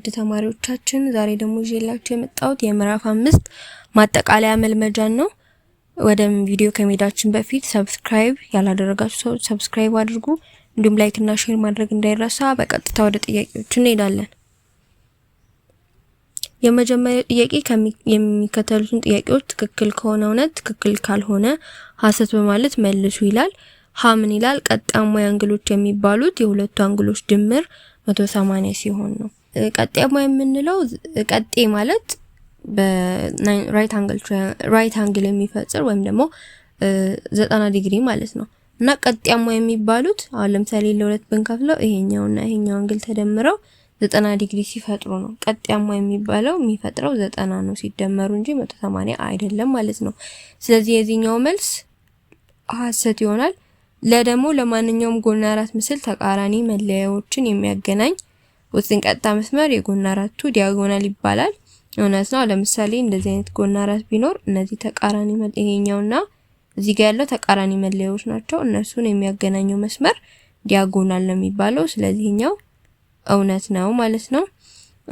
ውድ ተማሪዎቻችን ዛሬ ደግሞ ይዤላችሁ የመጣሁት የምዕራፍ አምስት ማጠቃለያ መልመጃን ነው። ወደ ቪዲዮ ከመሄዳችን በፊት ሰብስክራይብ ያላደረጋችሁ ሰዎች ሰብስክራይብ አድርጉ፣ እንዲሁም ላይክ እና ሼር ማድረግ እንዳይረሳ። በቀጥታ ወደ ጥያቄዎች እንሄዳለን። የመጀመሪያው ጥያቄ የሚከተሉትን ጥያቄዎች ትክክል ከሆነ እውነት፣ ትክክል ካልሆነ ሐሰት በማለት መልሱ ይላል። ሀ ምን ይላል? ቀጥተኛ አንግሎች የሚባሉት የሁለቱ አንግሎች ድምር 180 ሲሆን ነው። ቀጤማ የምንለው ቀጤ ማለት በራይት አንግል ራይት አንግል የሚፈጽር ወይም ደግሞ ዘጠና ዲግሪ ማለት ነው። እና ቀጤማ የሚባሉት አሁን ለምሳሌ ለሁለት ብንከፍለው ይሄኛውና ይሄኛው አንግል ተደምረው ዘጠና ዲግሪ ሲፈጥሩ ነው። ቀጤማ የሚባለው የሚፈጥረው ዘጠና ነው ሲደመሩ እንጂ መቶ ሰማንያ አይደለም ማለት ነው። ስለዚህ የዚህኛው መልስ ሐሰት ይሆናል። ለደሞ ለማንኛውም ጎን አራት ምስል ተቃራኒ መለያዎችን የሚያገናኝ ውስጥን ቀጥታ መስመር የጎን አራቱ ዲያጎናል ይባላል። እውነት ነው። ለምሳሌ እንደዚህ አይነት ጎን አራት ቢኖር እነዚህ ተቃራኒ ይሄኛውና እዚህ ጋር ያለው ተቃራኒ መለያዎች ናቸው። እነሱን የሚያገናኘው መስመር ዲያጎናል ነው የሚባለው። ስለዚህኛው እውነት ነው ማለት ነው።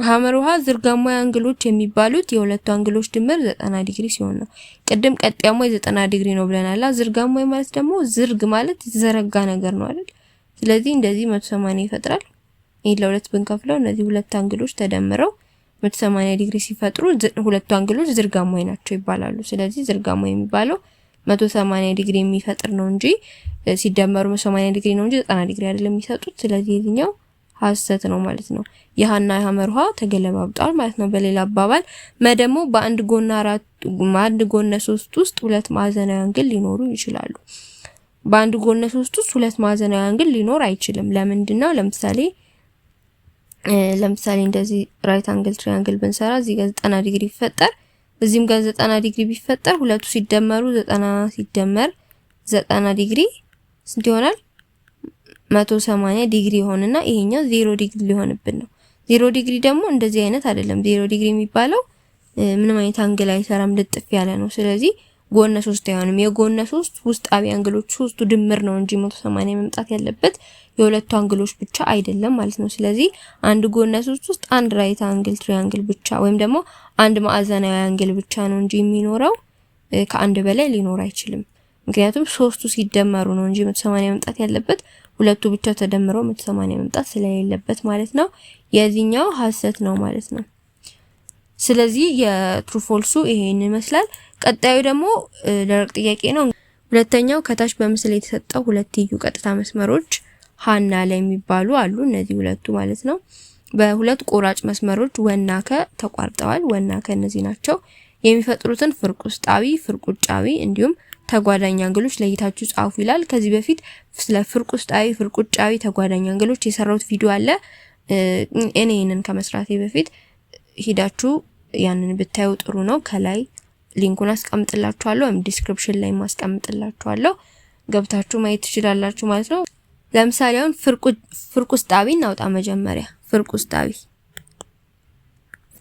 ሐመር ውሃ ዝርጋማ አንግሎች የሚባሉት የሁለቱ አንግሎች ድምር ዘጠና ዲግሪ ሲሆን ነው። ቅድም ቀጥያማ የ90 ዲግሪ ነው ብለናል። ዝርጋማ ማለት ደግሞ ዝርግ ማለት የተዘረጋ ነገር ነው አይደል? ስለዚህ እንደዚህ 180 ሰማንያ ይፈጥራል። ይሄን ለሁለት ብንከፍለው እነዚህ ሁለት አንግሎች ተደምረው 180 ዲግሪ ሲፈጥሩ ሁለቱ አንግሎች ዝርጋማዊ ናቸው ይባላሉ። ስለዚህ ዝርጋማዊ የሚባለው 180 ዲግሪ የሚፈጥር ነው እንጂ ሲደመሩ 180 ዲግሪ ነው እንጂ 90 ዲግሪ አይደለም የሚሰጡት። ስለዚህ የትኛው ሀሰት ነው ማለት ነው። የሀና የሀመር ውሃ ተገለባብጧል ማለት ነው። በሌላ አባባል መ ደግሞ በአንድ ጎን አራት በአንድ ጎን ሶስት ውስጥ ሁለት ማዕዘናዊ አንግል ሊኖሩ ይችላሉ። በአንድ ጎን ሶስት ውስጥ ሁለት ማዕዘናዊ አንግል ሊኖር አይችልም። ለምንድን ነው? ለምሳሌ ለምሳሌ እንደዚህ ራይት አንግል ትሪያንግል ብንሰራ እዚህ ጋር 90 ዲግሪ ቢፈጠር እዚህም ጋር 90 ዲግሪ ቢፈጠር ሁለቱ ሲደመሩ 90 ሲደመር 90 ዲግሪ ስንት ይሆናል? 180 ዲግሪ ይሆንና ይሄኛው 0 ዲግሪ ሊሆንብን ነው። 0 ዲግሪ ደግሞ እንደዚህ አይነት አይደለም። 0 ዲግሪ የሚባለው ምንም አይነት አንግል አይሰራም፣ ልጥፍ ያለ ነው። ስለዚህ ጎነ ሶስት አይሆንም። የጎነ ሶስት ውስጣዊ አንግሎች ሶስቱ ድምር ነው እንጂ 180 መምጣት ያለበት የሁለቱ አንግሎች ብቻ አይደለም ማለት ነው። ስለዚህ አንድ ጎነ ሶስት ውስጥ አንድ ራይት አንግል ትሪያንግል ብቻ ወይም ደግሞ አንድ ማዕዘናዊ አንግል ብቻ ነው እንጂ የሚኖረው ከአንድ በላይ ሊኖር አይችልም። ምክንያቱም ሶስቱ ሲደመሩ ነው እንጂ 180 መምጣት ያለበት ሁለቱ ብቻ ተደምረው 180 መምጣት ስለሌለበት ማለት ነው። የዚህኛው ሀሰት ነው ማለት ነው። ስለዚህ የትሩፎልሱ ይሄን ይመስላል። ቀጣዩ ደግሞ ደረቅ ጥያቄ ነው። ሁለተኛው ከታች በምስል የተሰጠው ሁለት ቀጥታ መስመሮች ሀና ላይ የሚባሉ አሉ። እነዚህ ሁለቱ ማለት ነው። በሁለት ቆራጭ መስመሮች ወና ከ ተቋርጠዋል። ወና ከ እነዚህ ናቸው የሚፈጥሩትን ፍርቅ ውስጣዊ፣ ፍርቅ ውጫዊ እንዲሁም ተጓዳኝ አንግሎች ለይታችሁ ጻፉ ይላል። ከዚህ በፊት ስለ ፍርቅ ውስጣዊ፣ ፍርቅ ውጫዊ፣ ተጓዳኝ አንግሎች የሰራሁት ቪዲዮ አለ። እኔ ይህንን ከመስራቴ በፊት ሂዳችሁ ያንን ብታዩ ጥሩ ነው። ከላይ ሊንኩን አስቀምጥላችኋለሁ ወይም ዲስክሪፕሽን ላይ ማስቀምጥላችኋለሁ ገብታችሁ ማየት ትችላላችሁ ማለት ነው። ለምሳሌ አሁን ፍርቁስጣዊ እናውጣ። መጀመሪያ ፍርቁስጣዊ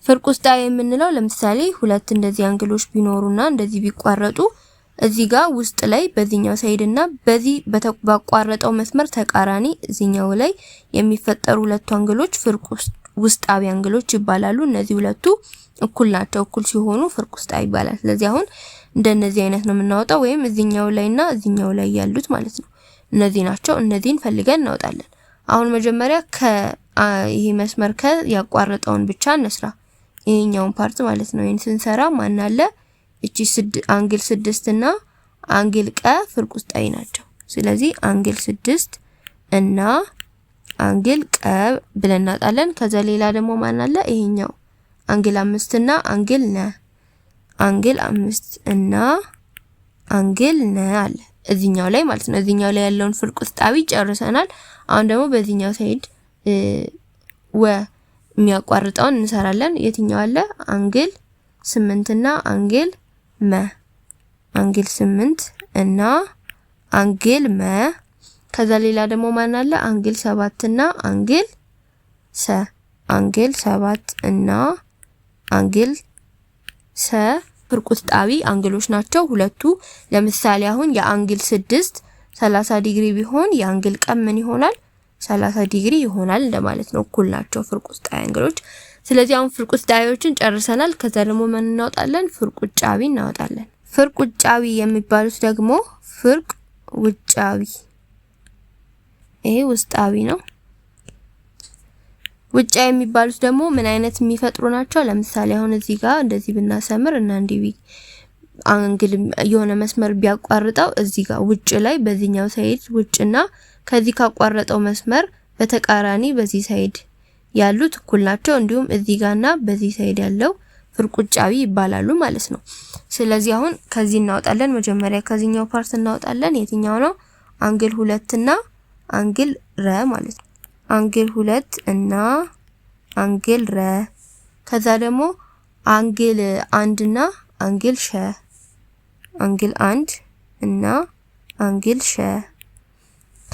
ፍርቁስጣዊ የምንለው ለምሳሌ ሁለት እንደዚህ አንግሎች ቢኖሩና እንደዚህ ቢቋረጡ እዚህ ጋር ውስጥ ላይ በዚህኛው ሳይድ እና በዚህ ባቋረጠው መስመር ተቃራኒ እዚህኛው ላይ የሚፈጠሩ ሁለቱ አንግሎች ውስጣዊ አንግሎች ይባላሉ። እነዚህ ሁለቱ እኩል ናቸው። እኩል ሲሆኑ ፍርቅ ውስጣ ይባላል። ስለዚህ አሁን እንደነዚህ አይነት ነው የምናወጣው፣ ወይም እዚኛው ላይና እዚኛው ላይ ያሉት ማለት ነው። እነዚህ ናቸው። እነዚህን ፈልገን እናወጣለን። አሁን መጀመሪያ ከ ይሄ መስመር ከ ያቋረጠውን ብቻ እንስራ፣ ይሄኛውን ፓርት ማለት ነው። ይሄን ስንሰራ ማን አለ? እቺ አንግል ስድስት እና አንግል ቀ ፍርቅ ውስጣዊ ናቸው። ስለዚህ አንግል ስድስት እና አንግል ቀብ ብለን እናጣለን። ከዛ ሌላ ደግሞ ማን አለ? ይሄኛው አንግል አምስት እና አንግል ነ አንግል አምስት እና አንግል ነ አለ እዚኛው ላይ ማለት ነው። እዚኛው ላይ ያለውን ፍርቁስጣዊ ጨርሰናል። አሁን ደግሞ በዚህኛው ሳይድ ወ የሚያቋርጠውን እንሰራለን። የትኛው አለ? አንግል ስምንት እና አንግል መ አንግል ስምንት እና አንግል መ ከዛ ሌላ ደግሞ ማን አለ? አንግል ሰባት እና አንግል ሰ አንግል ሰባት እና አንግል ሰ ብርቁጥጣቢ አንግሎች ናቸው ሁለቱ። ለምሳሌ አሁን የአንግል ስድስት 30 ዲግሪ ቢሆን የአንግል ቀን ምን ይሆናል? 30 ዲግሪ ይሆናል እንደማለት ነው። እኩል ናቸው ፍርቁጥጣቢ አንግሎች። ስለዚህ አሁን ፍርቁጥጣቢዎችን ጨርሰናል። ከዛ ደግሞ ምን እናወጣለን? ፍርቁጫቢ እናወጣለን። ፍርቁጫዊ የሚባሉት ደግሞ ፍርቅ ውጫዊ ይሄ ውስጣዊ ነው። ውጫዊ የሚባሉት ደግሞ ምን አይነት የሚፈጥሩ ናቸው? ለምሳሌ አሁን እዚህ ጋር እንደዚህ ብናሰምር እና እንዲህ አንግል የሆነ መስመር ቢያቋርጠው እዚህ ጋር ውጭ ላይ በዚህኛው ሳይድ ውጭና ከዚህ ካቋረጠው መስመር በተቃራኒ በዚህ ሳይድ ያሉት እኩል ናቸው። እንዲሁም እዚህ ጋርና በዚህ ሳይድ ያለው ፍርቁጫዊ ይባላሉ ማለት ነው። ስለዚህ አሁን ከዚህ እናወጣለን። መጀመሪያ ከዚህኛው ፓርት እናወጣለን። የትኛው ነው? አንግል ሁለትና አንግል ረ ማለት ነው። አንግል ሁለት እና አንግል ረ ከዛ ደግሞ አንግል አንድ እና አንግል ሸ አንግል አንድ እና አንግል ሸ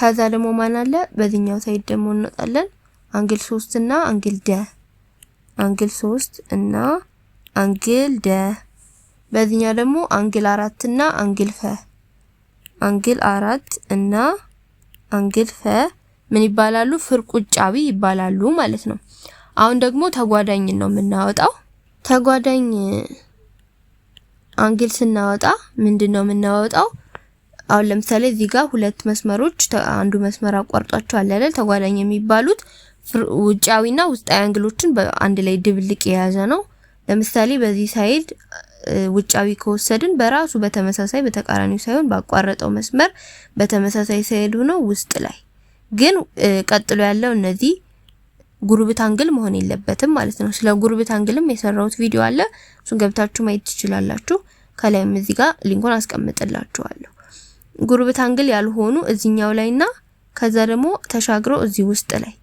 ከዛ ደግሞ ማን አለ በዚህኛው ሳይድ ደግሞ እንወጣለን አንግል ሶስት እና አንግል ደ አንግል ሶስት እና አንግል ደ በዚህኛው ደግሞ አንግል አራት እና አንግል ፈ አንግል አራት እና አንግድፈ ምን ይባላሉ? ፍርቁጫዊ ይባላሉ ማለት ነው። አሁን ደግሞ ተጓዳኝ ነው የምናወጣው። ተጓዳኝ አንግል ስናወጣ ምንድን ነው የምናወጣው? አሁን ለምሳሌ እዚህ ጋር ሁለት መስመሮች አንዱ መስመር አቋርጧቸዋል አይደል? ተጓዳኝ የሚባሉት ውጫዊና ውስጣዊ አንግሎችን በአንድ ላይ ድብልቅ የያዘ ነው። ለምሳሌ በዚህ ሳይድ ውጫዊ ከወሰድን በራሱ በተመሳሳይ በተቃራኒው ሳይሆን ባቋረጠው መስመር በተመሳሳይ ሳይድ ሆኖ ውስጥ ላይ ግን ቀጥሎ ያለው እነዚህ ጉርብት አንግል መሆን የለበትም ማለት ነው። ስለ ጉርብት አንግልም የሰራሁት ቪዲዮ አለ። እሱን ገብታችሁ ማየት ትችላላችሁ። ከላይም እዚህ ጋር ሊንኩን አስቀምጥላችኋለሁ። ጉርብት አንግል ያልሆኑ እዚኛው ላይና ከዛ ደግሞ ተሻግሮ እዚህ ውስጥ ላይ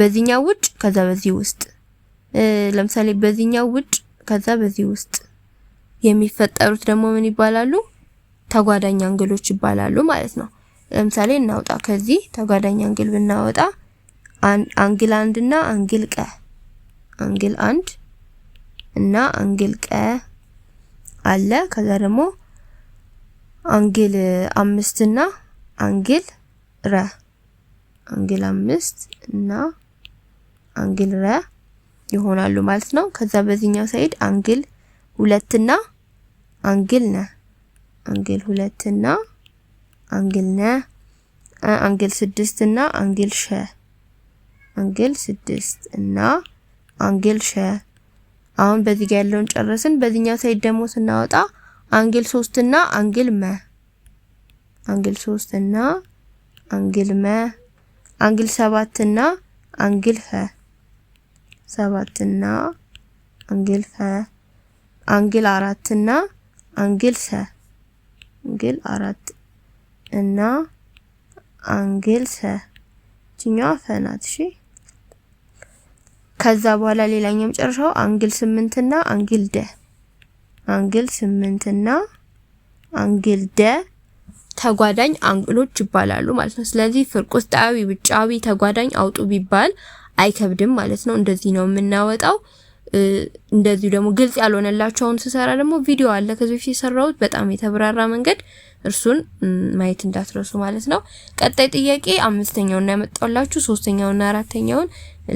በዚህኛው ውጭ ከዛ በዚህ ውስጥ ለምሳሌ በዚህኛው ውጭ ከዛ በዚህ ውስጥ የሚፈጠሩት ደግሞ ምን ይባላሉ? ተጓዳኝ አንግሎች ይባላሉ ማለት ነው። ለምሳሌ እናውጣ። ከዚህ ተጓዳኝ አንግል ብናወጣ አንግል አንድ እና አንግል ቀ አንግል አንድ እና አንግል ቀ አለ። ከዛ ደግሞ አንግል አምስት እና አንግል ረ አንግል አምስት እና አንግል ረ ይሆናሉ ማለት ነው። ከዛ በዚህኛው ሳይድ አንግል ሁለት እና አንግል ነ አንግል ሁለት እና አንግል ነ አንግል ስድስት እና አንግል ሸ አንግል ስድስት እና አንግል ሸ። አሁን በዚህ ጋር ያለውን ጨረስን። በዚህኛው ሳይድ ደግሞ ስናወጣ አንግል ሶስት እና አንግል መ አንግል ሶስት እና አንግል መ አንግል ሰባት እና አንግል ሀ ሰባት እና አንግል ፈ አንግል አራት እና አንግል ሰ አንግል አራት እና አንግል ሰ ይችኛዋ ፈ ናት። እሺ ከዛ በኋላ ሌላኛው መጨረሻው አንግል ስምንት እና አንግል ደ አንግል ስምንት እና አንግል ደ ተጓዳኝ አንግሎች ይባላሉ ማለት ነው። ስለዚህ ፍርቁስጣዊ፣ ውጫዊ ተጓዳኝ አውጡ ቢባል አይከብድም ማለት ነው። እንደዚህ ነው የምናወጣው። እንደዚሁ ደግሞ ግልጽ ያልሆነላችሁ አሁን ስሰራ ደግሞ ቪዲዮ አለ ከዚህ በፊት የሰራሁት በጣም የተብራራ መንገድ፣ እርሱን ማየት እንዳትረሱ ማለት ነው። ቀጣይ ጥያቄ አምስተኛውን እና ያመጣውላችሁ ሶስተኛውና አራተኛውን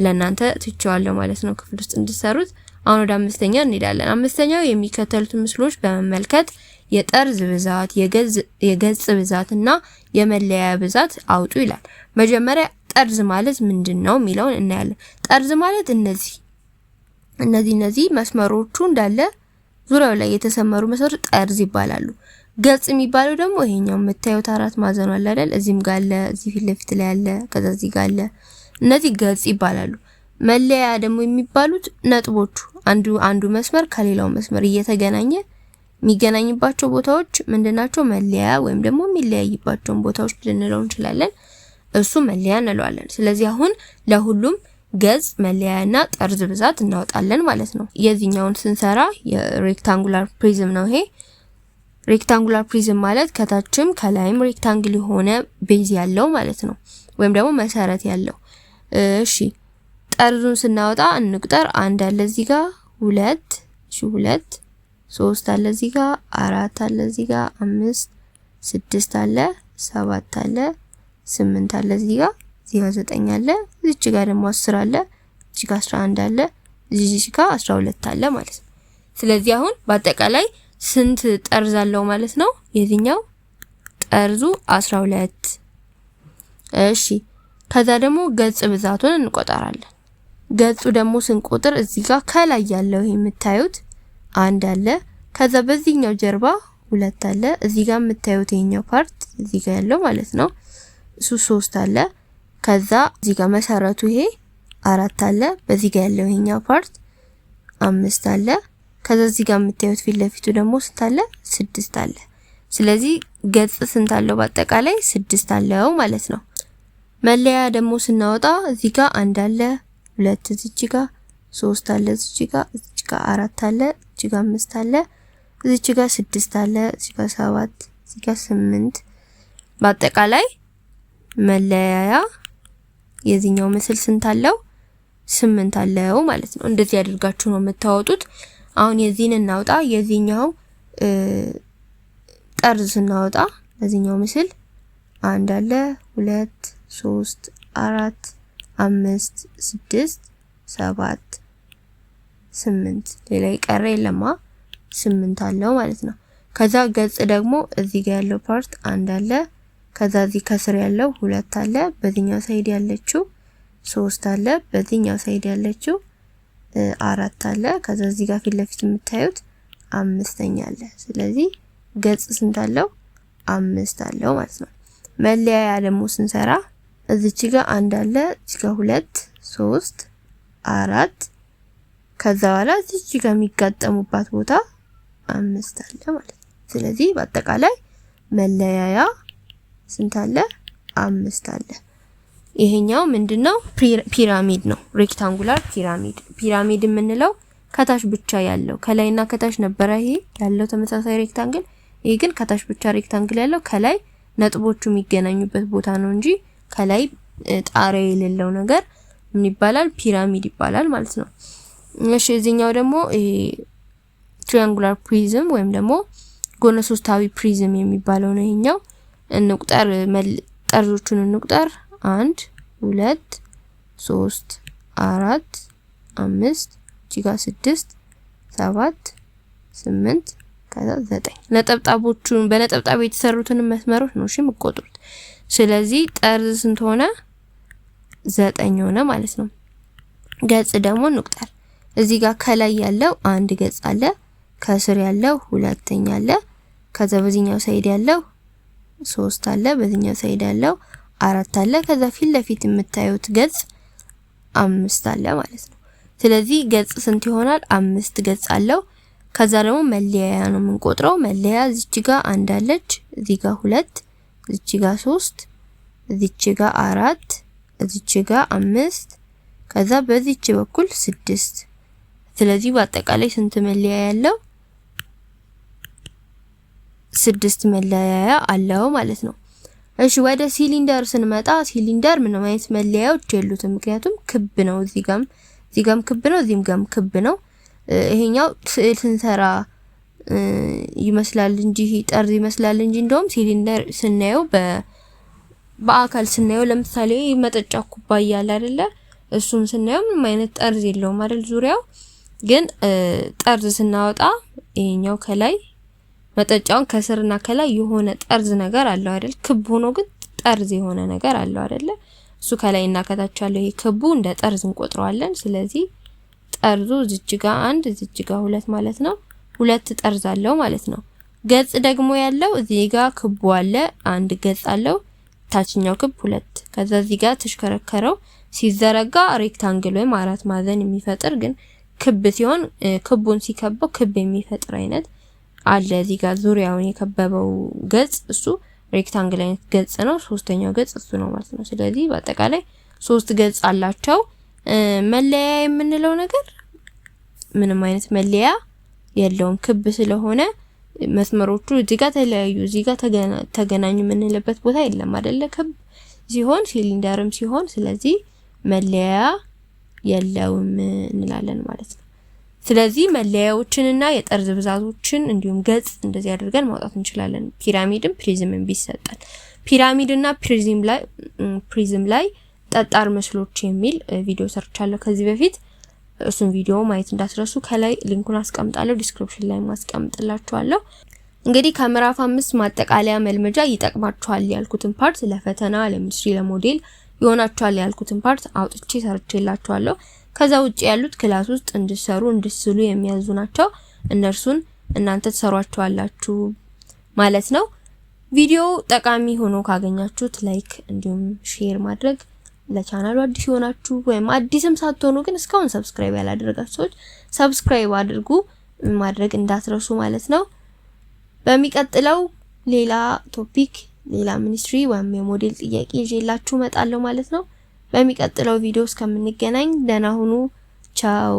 ለእናንተ ትቼዋለሁ ማለት ነው ክፍል ውስጥ እንድትሰሩት አሁን ወደ አምስተኛ እንሄዳለን። አምስተኛው የሚከተሉትን ምስሎች በመመልከት የጠርዝ ብዛት፣ የገጽ ብዛት እና የመለያ ብዛት አውጡ ይላል። መጀመሪያ ጠርዝ ማለት ምንድን ነው የሚለውን እናያለን። ጠርዝ ማለት እነዚህ እነዚህ እነዚህ መስመሮቹ እንዳለ ዙሪያው ላይ የተሰመሩ መስመሮች ጠርዝ ይባላሉ። ገጽ የሚባለው ደግሞ ይሄኛው የምታዩት አራት ማዕዘኑ አለ አይደል? እዚህም ጋር አለ፣ እዚህ ፊት ለፊት ላይ አለ፣ ከዛ እዚህ ጋር አለ። እነዚህ ገጽ ይባላሉ። መለያ ደግሞ የሚባሉት ነጥቦቹ አንዱ አንዱ መስመር ከሌላው መስመር እየተገናኘ የሚገናኝባቸው ቦታዎች ምንድናቸው? መለያ ወይም ደግሞ የሚለያይባቸውን ቦታዎች ልንለው እንችላለን። እሱ መለያ እንለዋለን። ስለዚህ አሁን ለሁሉም ገጽ መለያና ጠርዝ ብዛት እናወጣለን ማለት ነው። የዚህኛውን ስንሰራ የሬክታንጉላር ፕሪዝም ነው ይሄ። ሬክታንጉላር ፕሪዝም ማለት ከታችም ከላይም ሬክታንግል የሆነ ቤዝ ያለው ማለት ነው፣ ወይም ደግሞ መሰረት ያለው። እሺ ጠርዙን ስናወጣ እንቁጠር። አንድ አለ እዚህ ጋር፣ ሁለት እሺ፣ ሁለት ሶስት አለ እዚህ ጋር፣ አራት አለ እዚህ ጋር፣ አምስት ስድስት አለ፣ ሰባት አለ ስምንት አለ እዚህ ጋር እዚህ ጋር ዘጠኝ አለ እዚች ጋር ደግሞ አስር አለ እዚህ ጋር 11 አለ እዚህ ጋር 12 አለ ማለት ነው። ስለዚህ አሁን በአጠቃላይ ስንት ጠርዝ አለው ማለት ነው? የዚህኛው ጠርዙ 12። እሺ ከዛ ደግሞ ገጽ ብዛቱን እንቆጠራለን። ገጹ ደግሞ ስንቆጥር እዚህ ጋር ከላይ ያለው ይሄ የምታዩት አንድ አለ። ከዛ በዚህኛው ጀርባ ሁለት አለ። እዚህ ጋር የምታዩት ይሄኛው ፓርት እዚህ ጋር ያለው ማለት ነው እሱ ሶስት አለ። ከዛ እዚህ ጋር መሰረቱ ይሄ አራት አለ። በዚህ ጋር ያለው ይሄኛው ፓርት አምስት አለ። ከዛ እዚህ ጋር የምታዩት ፊት ለፊቱ ደግሞ ስንት አለ? ስድስት አለ። ስለዚህ ገጽ ስንት አለው? በአጠቃላይ ስድስት አለው ማለት ነው። መለያ ደግሞ ስናወጣ እዚህ ጋር አንድ አለ፣ ሁለት እዚች ጋር፣ ሶስት አለ እዚች ጋር፣ እዚች ጋር አራት አለ፣ እዚች ጋር አምስት አለ፣ እዚች ጋር ስድስት አለ፣ እዚች ጋር ሰባት፣ እዚች ጋር ስምንት በአጠቃላይ መለያያ የዚህኛው ምስል ስንት አለው? ስምንት አለው ማለት ነው። እንደዚህ አድርጋችሁ ነው የምታወጡት። አሁን የዚህን እናውጣ። የዚህኛው ጠርዝ ስናወጣ ለዚህኛው ምስል አንድ አለ፣ ሁለት፣ ሶስት፣ አራት፣ አምስት፣ ስድስት፣ ሰባት፣ ስምንት ሌላ የቀረ የለማ ስምንት አለው ማለት ነው። ከዛ ገጽ ደግሞ እዚህ ጋር ያለው ፓርት አንድ አለ ከዛ እዚህ ከስር ያለው ሁለት አለ፣ በዚህኛው ሳይድ ያለችው ሶስት አለ፣ በዚህኛው ሳይድ ያለችው አራት አለ፣ ከዛ እዚህ ጋር ፊት ለፊት የምታዩት አምስተኛ አለ። ስለዚህ ገጽ ስንት አለው? አምስት አለው ማለት ነው። መለያያ ደግሞ ስንሰራ እዚች ጋር አንድ አለ፣ እዚህ ጋር ሁለት፣ ሶስት፣ አራት ከዛ በኋላ እዚች ጋር የሚጋጠሙባት ቦታ አምስት አለ ማለት ነው። ስለዚህ በአጠቃላይ መለያያ ስንት አለ? አምስት አለ። ይሄኛው ምንድነው? ፒራሚድ ነው። ሬክታንጉላር ፒራሚድ። ፒራሚድ የምንለው ከታች ብቻ ያለው ከላይና ከታች ነበረ ይሄ ያለው ተመሳሳይ ሬክታንግል። ይሄ ግን ከታች ብቻ ሬክታንግል ያለው ከላይ ነጥቦቹ የሚገናኙበት ቦታ ነው እንጂ ከላይ ጣሪያ የሌለው ነገር ምን ይባላል? ፒራሚድ ይባላል ማለት ነው። እሺ እዚህኛው ደግሞ ይሄ ትሪያንጉላር ፕሪዝም ወይም ደግሞ ጎነ ሶስታዊ ፕሪዝም የሚባለው ነው ይሄኛው እንቁጠር ጠርዞቹን እንቁጠር። አንድ ሁለት ሶስት አራት አምስት ጂጋ ስድስት ሰባት ስምንት ከዛ ዘጠኝ ነጠብጣቦቹን በነጠብጣብ የተሰሩትን መስመሮች ነው እሺ የምቆጥሩት። ስለዚህ ጠርዝ ስንት ሆነ? ዘጠኝ ሆነ ማለት ነው። ገጽ ደግሞ እንቁጠር። እዚህ ጋር ከላይ ያለው አንድ ገጽ አለ፣ ከስር ያለው ሁለተኛ አለ፣ ከዛ በዚህኛው ሳይድ ያለው ሶስት አለ። በዚህኛው ሳይድ ያለው አራት አለ። ከዛ ፊት ለፊት የምታዩት ገጽ አምስት አለ ማለት ነው። ስለዚህ ገጽ ስንት ይሆናል? አምስት ገጽ አለው። ከዛ ደግሞ መለያያ ነው የምንቆጥረው። መለያ እዚች ጋር አንድ አለች፣ እዚህ ጋር ሁለት፣ እዚች ጋር ሶስት፣ እዚች ጋር አራት፣ እዚች ጋር አምስት፣ ከዛ በዚች በኩል ስድስት። ስለዚህ በአጠቃላይ ስንት መለያ ያለው ስድስት መለያያ አለው ማለት ነው። እሺ ወደ ሲሊንደር ስንመጣ ሲሊንደር ምንም አይነት መለያዎች የሉትም፣ ምክንያቱም ክብ ነው። እዚህ ጋም እዚህ ጋም ክብ ነው፣ እዚህም ጋም ክብ ነው። ይሄኛው ስዕል ስንሰራ ይመስላል እንጂ ጠርዝ ይመስላል እንጂ እንደውም ሲሊንደር ስናየው በ በአካል ስናየው ለምሳሌ መጠጫ ኩባያ አለ አይደለ? እሱም ስናየው ምንም አይነት ጠርዝ የለውም አይደል? ዙሪያው ግን ጠርዝ ስናወጣ ይሄኛው ከላይ መጠጫውን ከስርና ከላይ የሆነ ጠርዝ ነገር አለው አይደል? ክብ ሆኖ ግን ጠርዝ የሆነ ነገር አለው አይደለ? እሱ ከላይና ከታች ያለው ይሄ ክቡ እንደ ጠርዝ እንቆጥረዋለን። ስለዚህ ጠርዙ እዚች ጋ አንድ እዚች ጋ ሁለት ማለት ነው። ሁለት ጠርዝ አለው ማለት ነው። ገጽ ደግሞ ያለው እዚህ ጋ ክቡ አለ፣ አንድ ገጽ አለው። ታችኛው ክብ ሁለት፣ ከዛ እዚህ ጋ ተሽከረከረው ሲዘረጋ ሬክታንግል ወይም አራት ማዕዘን የሚፈጥር ግን ክብ ሲሆን ክቡን ሲከበው ክብ የሚፈጥር አይነት አለ እዚህ ጋር ዙሪያውን የከበበው ገጽ እሱ ሬክታንግል አይነት ገጽ ነው። ሶስተኛው ገጽ እሱ ነው ማለት ነው። ስለዚህ በአጠቃላይ ሶስት ገጽ አላቸው። መለያ የምንለው ነገር ምንም አይነት መለያ የለውም ክብ ስለሆነ መስመሮቹ እዚህ ጋር ተለያዩ፣ እዚህ ጋር ተገናኙ የምንልበት ቦታ የለም አይደለ? ክብ ሲሆን ሲሊንደርም ሲሆን፣ ስለዚህ መለያ የለውም እንላለን ማለት ነው። ስለዚህ መለያዎችንና የጠርዝ ብዛቶችን እንዲሁም ገጽ እንደዚህ አድርገን ማውጣት እንችላለን። ፒራሚድም ፕሪዝምም ቢሰጠን ፒራሚድና ፕሪዝም ላይ ፕሪዝም ላይ ጠጣር ምስሎች የሚል ቪዲዮ ሰርቻለሁ ከዚህ በፊት እሱን ቪዲዮ ማየት እንዳትረሱ። ከላይ ሊንኩን አስቀምጣለሁ፣ ዲስክሪፕሽን ላይ ማስቀምጥላችኋለሁ። እንግዲህ ከምዕራፍ አምስት ማጠቃለያ መልመጃ ይጠቅማችኋል ያልኩትን ፓርት ለፈተና ለሚኒስትሪ ለሞዴል ይሆናችኋል ያልኩትን ፓርት አውጥቼ ሰርቼላችኋለሁ። ከዛ ውጭ ያሉት ክላስ ውስጥ እንድሰሩ እንድስሉ የሚያዙ ናቸው። እነርሱን እናንተ ትሰሯቸዋላችሁ ማለት ነው። ቪዲዮ ጠቃሚ ሆኖ ካገኛችሁት ላይክ እንዲሁም ሼር ማድረግ ለቻናሉ አዲስ የሆናችሁ ወይም አዲስም ሳትሆኑ ግን እስካሁን ሰብስክራይብ ያላደረጋችሁ ሰዎች ሰብስክራይብ አድርጉ ማድረግ እንዳትረሱ ማለት ነው። በሚቀጥለው ሌላ ቶፒክ፣ ሌላ ሚኒስትሪ ወይም የሞዴል ጥያቄ ይዤላችሁ እመጣለሁ ማለት ነው። በሚቀጥለው ቪዲዮ እስከምንገናኝ ደህና ሁኑ። ቻው